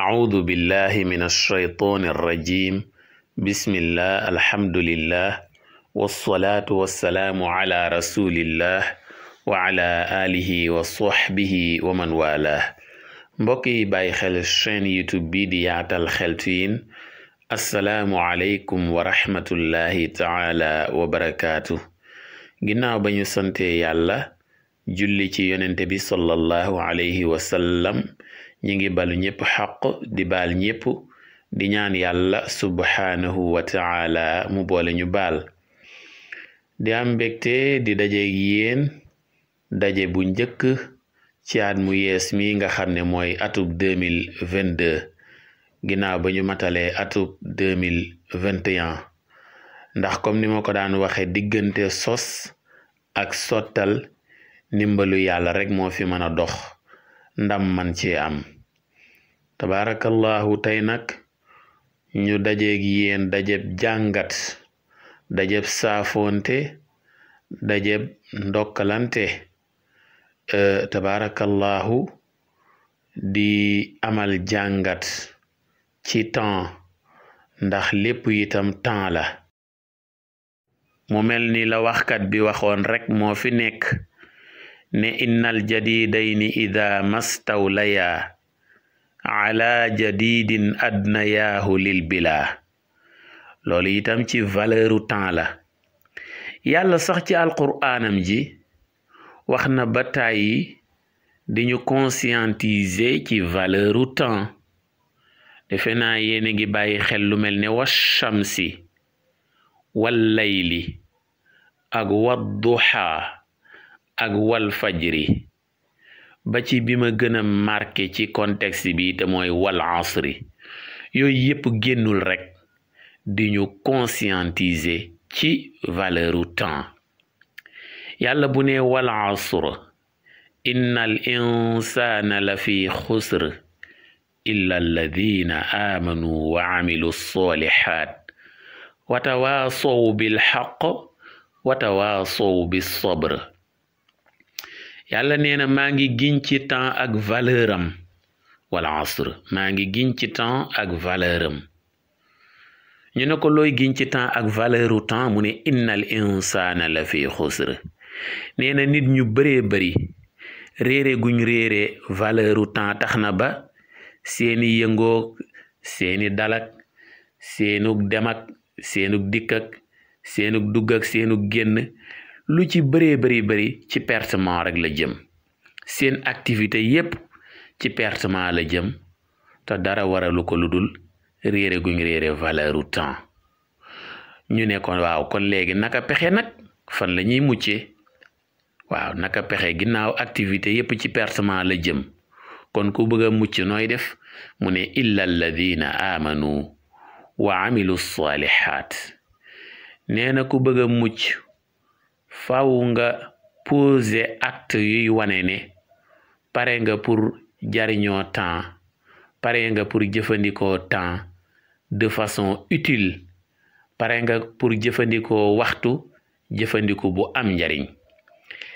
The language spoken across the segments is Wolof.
أعوذ بالله من الشيطان الرجيم بسم الله الحمد لله والصلاة والسلام على رسول الله وعلى آله وصحبه ومن والاه mbokk yi bàyyi xel chaîne YouTube bi di yaatal xeltu yin asalaamu aleykum wa rahmatullahi taala wa barakaatu ginnaaw ba ñu sante yàlla julli ci yonente bi sallallahu alayhi wa sallam ñi ngi balu ñëpp xaq di bal ñëpp di ñaan yàlla subhaanahu wa taala mu boole ñu baal di am mbégte di dajeeg yéen daje bu njëkk ci at mu yees mi nga xam ne mooy atub 2022 ginnaaw ba ñu matalee atub 2021 ndax comme ni ma ko daan waxe diggante sos ak sottal ndimbalu yàlla rek moo fi mën a dox ndam man ci am tabaarakallahu tey nag ñu dajeeg yéen dajeb jàngat dajeb saafonte dajeb ndokkalante e, tabaarakallahu di amal jàngat ci temps ndax lépp itam temps la mu mel ni la waxkat bi waxoon rek moo fi nekk ne innal jadidayni ida laya ala jadidin adna yaahu lil bila loolu itam ci valeuru temps la yàlla sax ci alquraanam ji wax na ba tàyyi di ñu conscientiser ci valeuru temps defe naa yéen a ngi bàyyi xel lu mel ne washamsi wal layli ak wad duha ak wal fajri ba ci bi ma gën a marqué ci contexte bi te mooy wal asri yooyu yëpp génnul rekk di ñu ci valeuru temps yàlla bu ne wal asr innal insaana la fi xusr illa alladina aamanu wa amilu solihat watawaasow bil xaq bi bis sabr yàlla nee na maa ngi giñ ci temps ak valeur am wala asr maa ngi giñ ci temps ak valeur am ñu ne ko looy giñ ci temps ak valeuru temps mu ne innal insaana la fi xusr nee nit ñu bëree bari réere guñ réere valeuru temps tax na ba seeni yëngoog seeni dalak seenug dem ak seenug dikk ak seenug dugg ak seenug génn lu ci bëree bëri bëri ci pertement rek la jëm seen activité yépp ci pertement la jëm te dara waralu ko lu dul réere guñ réere valeur u temps ñu ne kon waaw kon léegi naka pexe nag fan la ñuy muccee waaw naka pexe ginnaaw activité yépp ci pertement la jëm kon ku bëgg a mucc nooy def mu ne illa alladina amanu wa amilu salihat nee na ku bëgg a mucc faaw nga poser acte yuy wane ne pare nga pour jariñoo temps pare nga pour jëfandikoo temps de façon utile pare nga pour jëfandikoo waxtu jëfandiku bu am njariñ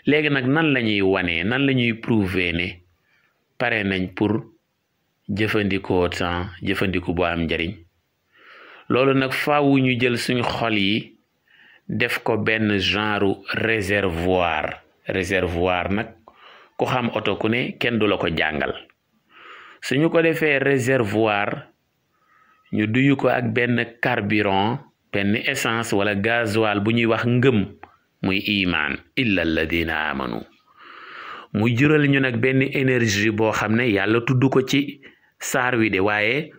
léegi nag nan la ñuy wanee nan la ñuy prouver ne pare nañ pour jëfandikoo temps jëfandiku bu am njariñ loolu nag faawu ñu jël suñu xol yi def ko benn genre réservoir réservoir nag ku xam oto ku ne kenn du la ko jàngal suñu ko defee réservoir ñu duyu ko ak benn carburant benn essence wala gasoil bu ñuy wax ngëm muy imaan illa alladina amanu mu jural ñu nag benn énergie boo xam ne yàlla tudd ko ci saar wi de waaye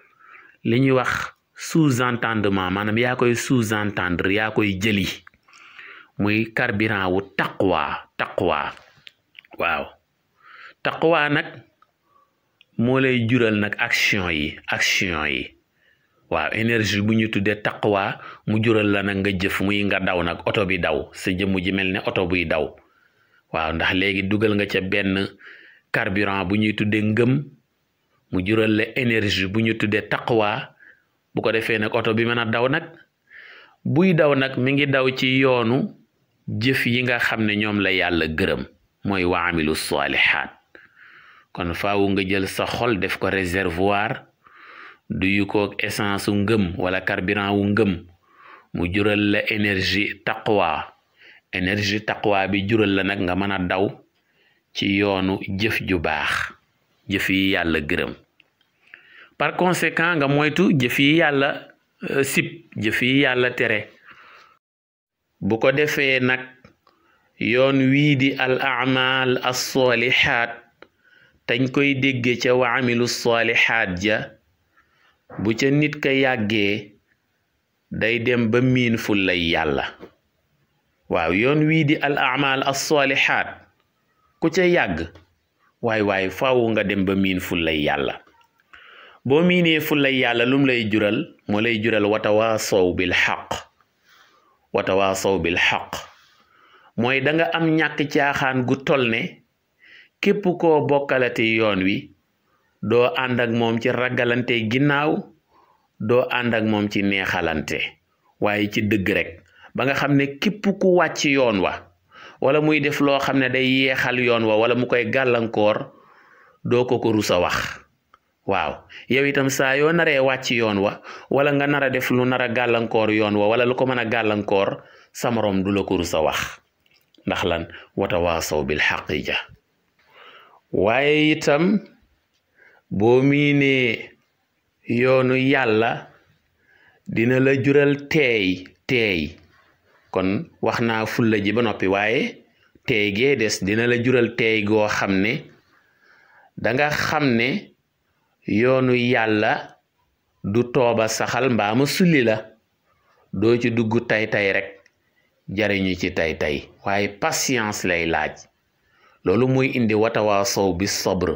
li wax sous-entendement maanaam yaa koy sous tendre yaa koy jëli muy carburant wu taqwa taqwa waaw taqwa nag moo lay jural nag action yi action yi waaw énergie bu ñu tuddee taqwa mu jural la nag nga jëf muy nga daw nag oto bi daw sa jëmm ji mel ne oto buy daw waaw ndax léegi dugal nga ca benn carburant bu ñuy tuddee ngëm mu jural la énergie bu ñu tuddee taqwa bu ko defee nag oto bi mën a daw nag buy daw nag mi ngi daw ci yoonu jëf yi nga xam ne ñoom la yàlla gërëm mooy wa amilu kon faawu nga jël sa xol def ko réservoir duyu ko essence wu ngëm wala carburant wu ngëm mu jural la énergie taqwa énergie taqwa bi jural la nag nga mën a daw ci yoonu jëf ju baax jëf yi yàlla gërëm par conséquent nga moytu jëf yi yàlla euh, sib jëf yi yàlla tere bu ko defee nag yoon wii di al amal alsalihaat dañ koy dégge ca wa amilu salihaat ja bu ca nit ka yàggee day dem ba miin fullay yàlla waaw yoon wii di al amal alsalihaat ku ca yàgg way waay faaw nga dem ba miin lay yàlla boo miinee fulay yàlla lum lay jural moo lay jural waa watawaasow bil xaq soow bil xaq mooy danga am ñàkk caaxaan gu tol ne képp koo bokkalati yoon wi doo àndak moom ci ragalante ginnaaw doo àndak moom ci neexalante waaye ci dëgg rek ba nga xam ne képp ku wàcc yoon wa wala muy def loo xam ne day yeexal yoon wa wala mu koy gàllankoor doo ko ko rusa wax waaw yow itam saa yoo naree wàcc yoon wa wala nga nara a def lu nar a gàllankoor yoon wa wala lu ko mën a gàllankoor sa du la ko wax ndax lan watawaasaw bil xaqiija waaye itam boo miinee yoonu yàlla dina la jural teey teey kon wax naa fulla ji ba noppi waaye teey gee des dina la jural teey goo xam ne danga xam ne yoonu yàlla du tooba saxal mbaama suli la doo ci dugg tay tay rek jariñu ci tay tay waaye patience lay laaj loolu muy indi watawaasow bi sobre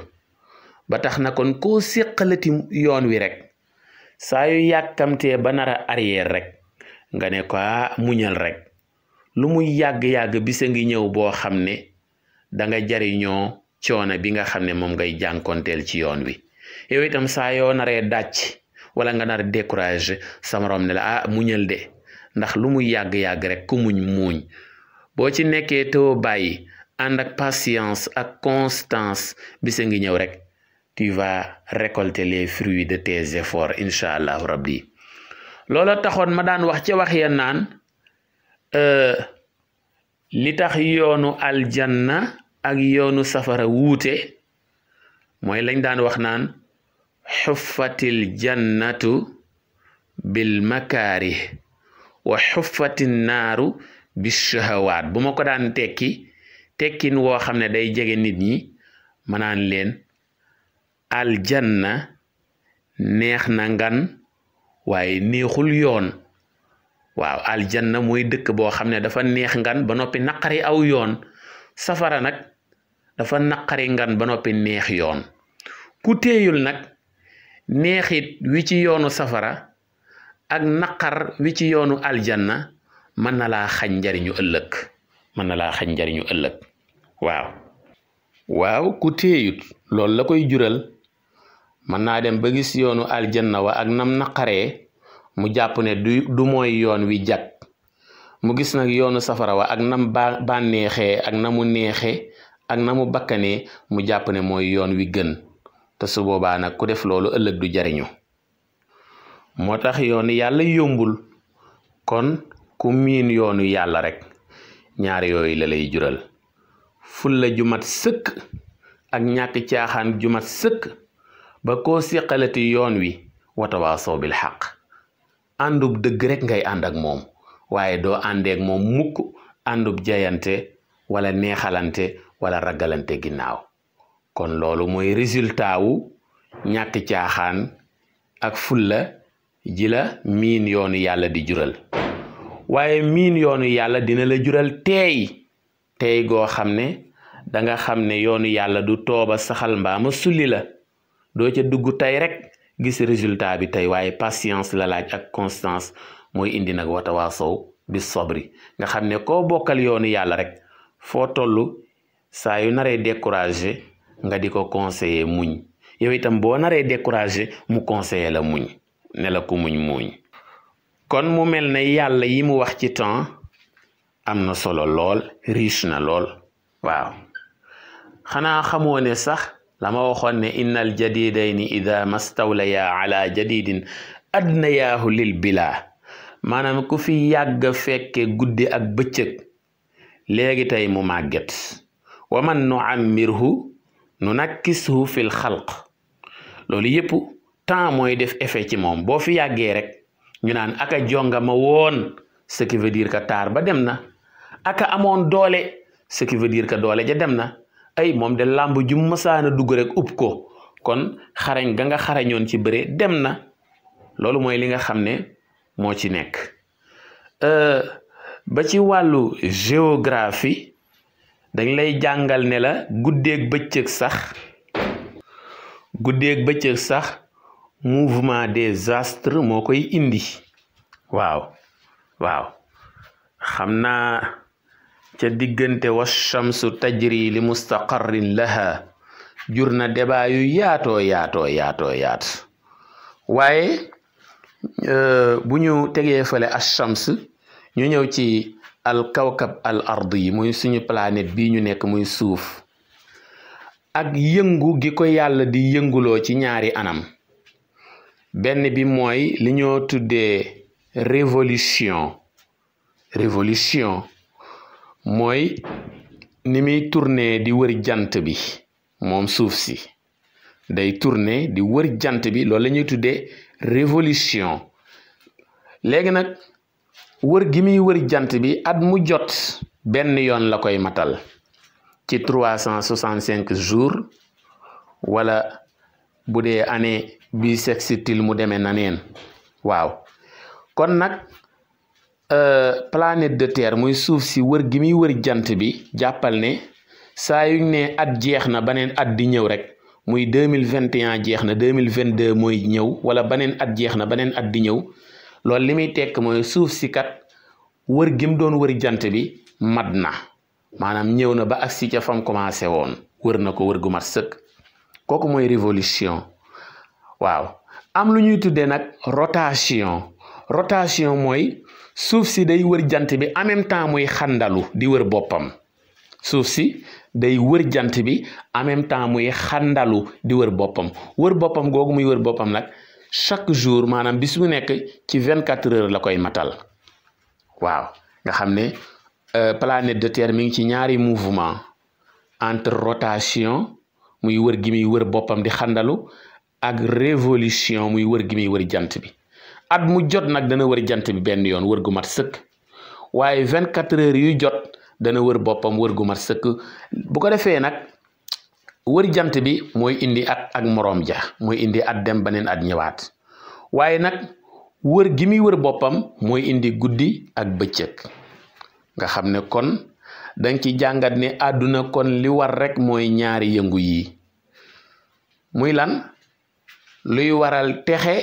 ba tax na kon koo séqalati yoon wi rek saayu yàkkamtee ba nar a rek nga ne ko ah, muñal rek lu muy yàgg-yàgg bisa ngi ñëw boo xam ne danga jariñoo coono bi nga xam ne moom ngay jànkoonteel ci yoon wi yow itam saa yoo naree dàcc wala nga nar découragé sa morom ne la ah, de ndax lu muy yàgg-yàgg rek ku muñ muuñ boo ci nekkee too bàyyi ànd ak patience ak constance bise ngi ñëw rek tu vas récolter les fruits de tes efforts incha allah rabbi loola taxoon ma daan wax ca wax ya naan euh, li tax yoonu aljanna ak yoonu safara wuute mooy lañ daan wax naan xuffatil jannatu bil makaarih wa xuffatin naaru bis bu ma ko daan tekki tekkin woo xam ne day jege nit ñi manaan leen aljanna neex na ngan waaye neexul yoon waaw aljanna mooy dëkk boo xam ne dafa neex ngan ba noppi naqari aw yoon safara nag dafa naqari ngan ba noppi neex yoon ku teeyul nag neexit wi ci yoonu safara ak naqar wi ci yoonu aljanna mën na njariñu ëllëg mën na laa xañ njariñu ëllëg waaw waaw ku téeyut loolu la koy jural mën naa dem ba gis yoonu aljanna wa ak nam naqare mu jàpp ne du mooy yoon wi jag mu gis nag yoonu safara wa ak nam ba bànneexee ak na mu neexee ak na mu mu jàpp ne mooy yoon wi gën te su boobaa nag ku def loolu ëllëg du jariñu moo tax yoonu yàlla yombul kon ku miin yoonu yàlla rek ñaar yooyu la lay jural fulla ju mat sëkk ak ñàkk caaxaan ju mat sëkk ba ko siqalati yoon wi watawaasoo bil xaq àndub dëgg rek ngay ànd ak moom waaye doo àndeek moom mukk àndub jayante wala neexalante wala ragalante ginnaaw kon loolu mooy résultat wu ñàkk caaxaan ak fulla ji la miin yoonu yàlla di jural waaye miin yoonu yàlla dina la jural teey teey goo xam ne danga xam ne yoonu yàlla du tooba saxal mbaama suli la doo ca dugg tey rek gis résultat bi tey waaye patience la laaj ak constance mooy indi nag watawaasow bi sobri nga xam ne ko bokkal yoonu yàlla rek foo toll saa naree découragé nga di ko conseiller muñ yow itam boo naree découragé mu conseiller la muñ ne ku muñ muñ kon mu mel ne yàlla yi mu wax ci temps am na solo lool riche na lool waaw xanaa xamoo ne sax lama ma waxoon ne innal jadidayni ida mastawlaya ala jadidin adnayaahu lil bila maanaam ku fi yàgg fekke guddi ak bëccëg léegi tey mu màgget wa man nuammirhu nu nakkisuhu fil xalq loolu yëpp temps mooy def effet moom boo fi yàggee rek ñu naan aka jongama woon ce dire que taar ba dem na aka amoon doole ce dire que doole ja dem na ay moom de làmb ju mësaan a dugg rek upp ko kon xarañ ga nga xarañoon ci bëre dem na loolu mooy li nga xam ne moo ci nekk euh, ba ci wàllu géographie dañ lay jàngal ne la guddeeg bëccëg sax guddeeg bëccëg sax mouvement des astres moo koy indi waaw xam naa ca diggante wa shamsu tajri li mustaqarrin laha jur na débat yu yaato yaatoo yaatoo yaat waaye euh, bu ñu tegee fale ashams ñu ñëw ci al kawkab yi muy suñu planète bii ñu nekk muy suuf ak yëngu gi ko yàlla di yënguloo ci ñaari anam benn bi mooy li ñoo tuddee révolution révolution mooy ni muy tourner di wër jant bi moom suuf si day tourner di wër jant bi loolu la ñuy tuddee révolution wër gi muy wër jant bi at mu jot benn yoon la koy matal ci trois cent soixante cinq jours wala bu dee année bi sextile mu demee na nen waaw kon nag euh, planète de terre muy suuf si wër gi muy wër jant bi jàppal ne saa yuñ ne at jeex na baneen at di ñëw rek muy deux mille vingt et jeex na deux mille vingt deux mooy ñëw wala baneen at jeex na baneen at di ñëw loolu li muy tekk mooy suuf si kat wër gim doon wër jant bi mat na maanaam ñëw na ba agsi ca fam commencé woon wër na ko wër gu mat sëkk kooku mooy révolution waaw am lu ñuy tuddee nag rotation rotation mooy suuf si day wër jant bi en même temps muy xandalu di wër boppam suuf si day wër jant bi en même temps muy xandalu di wër boppam wër boppam googu muy wër boppam nag chaque jour maanaam bis mu nekk ci vingt quatre heures la koy matal waaw nga xam ne euh, planète de terre mi ngi ci ñaari mouvement entre rotation muy wër gi muy wër boppam di xandalu ak révolution muy wër gi muy wër jant bi at mu jot nag dana wër jant bi benn yoon wër gu mat sëkk waaye vingt quatre heures yu jot dana wër boppam wër gu mat sëkk bu ko defee nag wër jant bi mooy indi at ak moroom ja mooy indi at dem beneen at ñëwaat waaye nag wër gi muy wër boppam mooy indi guddi ak bëccëg nga xam ne kon danga ci jàngat ne àdduna kon li war rekk mooy ñaari yëngu yi muy lan luy waral texe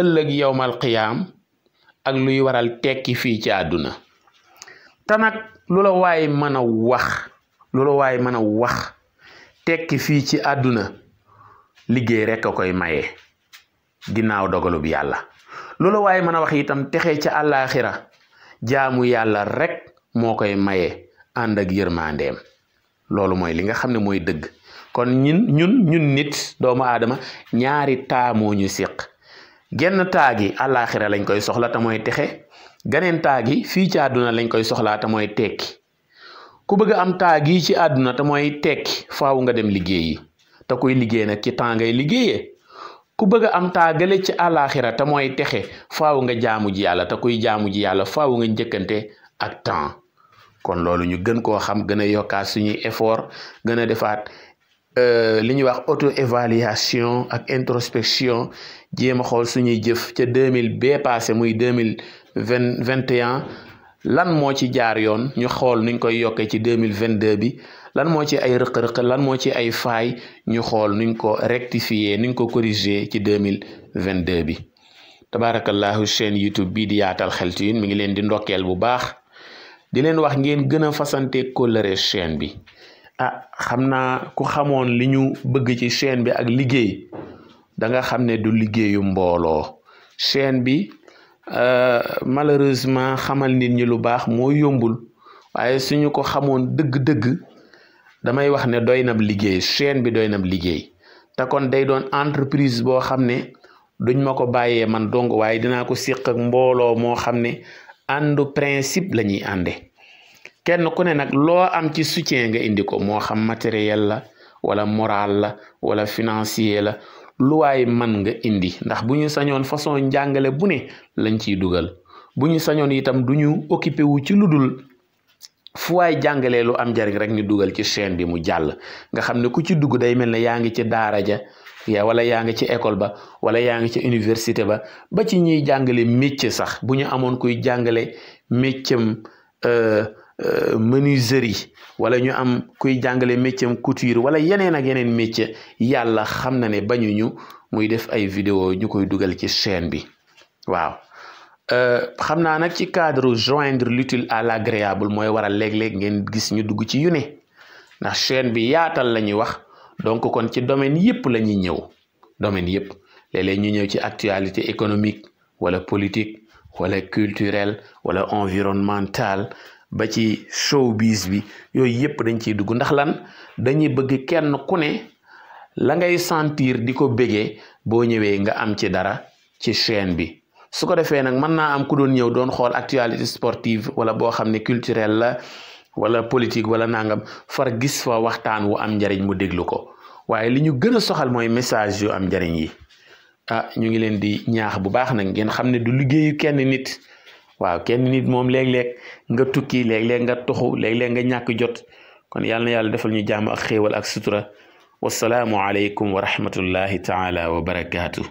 ëllëg yowmal qiyaam ak luy waral tekki fii ci àdduna te nag lu la waay mën a wax lu la waay mën a wax tekki fii ci àdduna liggéey rek a koy maye ginnaaw dogalub yàlla loolu waaye mën a wax itam texe ci àllaaxira jaamu yàlla rek moo koy maye ànd ak yërmandeem loolu mooy li nga xam ne mooy dëgg kon ñun ñun ñun nit doomu aadama ñaari taa moo ñu séq genn taa gi àllaaxira lañ koy soxla te mooy texe ganeen taa gi fii ci àdduna lañ koy soxlaa te mooy tekki ku bëgg a am taa gii ci àdduna te mooy tekki faaw nga dem liggéeyi te kuy liggéey nag ci temps ngay liggéeyee ku bëgg a am taa ci àllaaxira te mooy texe faaw nga jaamu ji yàlla te kuy jaamu ji yàlla faaw nga njëkkante ak temps kon loolu ñu gën koo xam gën a yokkaat suñuy effort gën a defaat euh, li ñuy wax auto évaluation ak introspection jéem a xool suñuy jëf ca deux mille bee passé muy deux mille vingt vingt et un lan moo ci jaar yoon ñu xool nuñ koy yokkee ci mille 2022 bi lan moo ci ay rëq-rëq lan moo ci ay faay ñu xool nuñ ko rectifier nuñ ko corriger ci mille 2022 bi tabarakallahu chaîne youtube bii di yaatal xeltuyin mi ngi leen di ndokkeel bu baax di leen wax ngeen gën a fasante kóllëre chaîne bi ah xam naa ku xamoon li ñu bëgg ci chaîne bi ak liggéey da nga xam ne du liggéeyu mbooloo chaîne bi Euh, malheureusement xamal nit ñi lu baax moo yombul waaye suñu ko xamoon dëgg-dëgg damay wax ne doy nab liggéey chaîne bi doy nab liggéey te kon day doon entreprise boo xam ne duñ ma ko bàyyee man dong waaye dinaa ko siq ak mbooloo moo xam ne àndu principe la ñuy ànde kenn ku ne nag loo am ci soutien nga indi ko moo xam matériel la wala moral la wala financier la luwaay man nga indi ndax bu ñu sañoon façon njàngale bu ne lañ ciy dugal bu ñu sañoon itam du ñu occupé wu ci lu dul fu waay jàngalee lu am njariñ rek ñu dugal ci chaîne bi mu jàll nga xam ne ku ci dugg day mel ne yaa ngi ci daara ja ya wala yaa ngi ci école ba wala yaa ngi ci université ba ba ci ñuy jàngale métier sax bu ñu amoon kuy jàngale métier euh, Euh, menuiserie wala ñu am kuy jàngale métier am couture wala yeneen ak yeneen métier yàlla xam na ne bañuñu muy def ay vidéo ñu koy dugal ci chaîne bi waaw euh, xam naa nag ci cadre joindre l'utile à l'agréable mooy waral léeg-léeg ngeen gis ñu dugg ci yu ne ndax chaîne bi yaatal la ñuy wax donc kon ci domaine yëpp la ñuy ñëw domaine yëpp léeg ñu ñëw ci actualité économique wala politique wala culturelle wala environnementale ba ci showbiz bi yooyu yépp dañ ciy dugg ndax lan dañuy bëgg kenn ku ne la ngay sentir di ko béggee boo ñëwee nga am ci dara ci chaîne bi su ko defee nag mën naa am ku doon ñëw doon xool actualité sportive wala boo xam ne culturel la wala politique wala nangam far gis fa waxtaan wu am njariñ mu déglu ko waaye li ñu gën a soxal mooy message yu am njariñ yi ah ñu ngi leen di ñaax bu baax na ngeen xam ne du liggéeyu kenn nit waaw kenn nit moom léeg-léeg nga tukki léeg-léeg nga toxu léeg-léeg nga ñàkk jot kon yal yàlla defal ñu jàmm ak xéewal ak sutura wasalaamu aleykum wa rahmatullahi taala wa barakaatu.